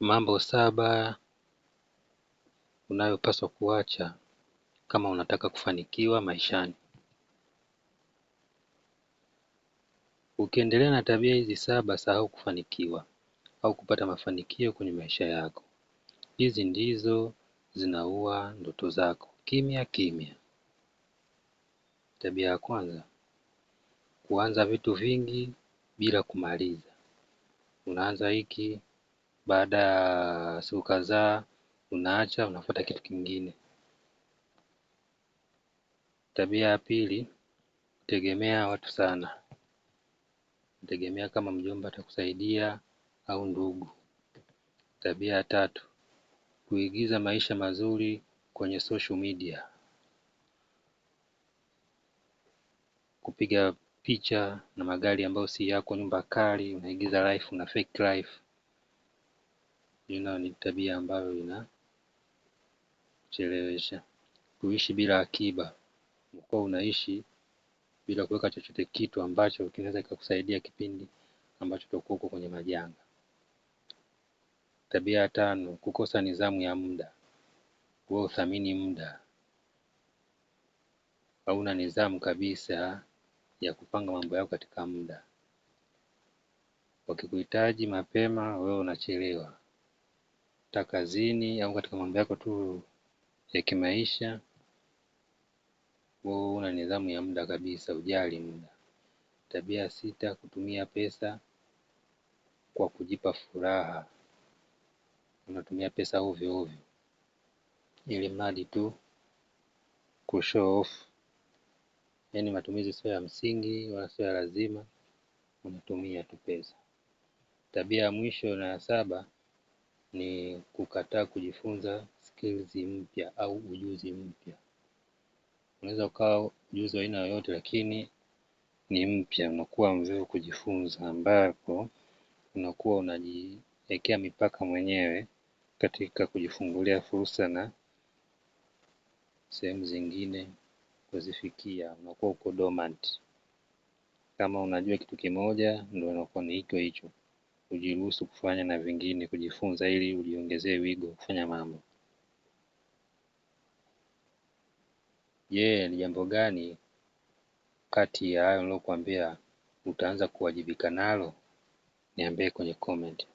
Mambo saba unayopaswa kuacha kama unataka kufanikiwa maishani. Ukiendelea na tabia hizi saba sahau kufanikiwa au kupata mafanikio kwenye maisha yako. Hizi ndizo zinaua ndoto zako kimya kimya. Tabia ya kwanza, kuanza vitu vingi bila kumaliza. Unaanza hiki baada ya siku kadhaa unaacha unafuata kitu kingine. Tabia ya pili, kutegemea watu sana. Kutegemea kama mjomba atakusaidia au ndugu. Tabia ya tatu, kuigiza maisha mazuri kwenye social media. Kupiga picha na magari ambayo si yako, nyumba kali, unaigiza life, una fake life. Hilo ni tabia ambayo inachelewesha. Kuishi bila akiba, unakuwa unaishi bila kuweka chochote kitu ambacho kinaweza kikakusaidia kipindi ambacho utakuwa uko kwenye majanga. Tabia ya tano, kukosa nidhamu ya muda, huwa uthamini muda, hauna nidhamu kabisa ya kupanga mambo yako katika muda. Wakikuhitaji mapema, wewe unachelewa hata kazini au katika mambo yako tu ya kimaisha wewe una nidhamu ya muda kabisa ujali muda. Tabia ya sita kutumia pesa kwa kujipa furaha. Unatumia pesa ovyo ovyo ili mradi tu kushow off. Yaani matumizi sio ya msingi wala sio ya lazima unatumia tu pesa. Tabia ya mwisho na ya saba ni kukataa kujifunza skills mpya au ujuzi mpya. Unaweza ukawa ujuzi wa aina yoyote lakini ni mpya, unakuwa mvivu kujifunza, ambapo unakuwa unajiwekea mipaka mwenyewe katika kujifungulia fursa na sehemu zingine kuzifikia, unakuwa uko dormant. Kama unajua kitu kimoja, ndo unakuwa ni hicho hicho kujiruhusu kufanya na vingine kujifunza ili ujiongezee wigo wa kufanya mambo. Je, ni jambo gani kati ya hayo nilokuambia utaanza kuwajibika nalo? Niambie kwenye comment.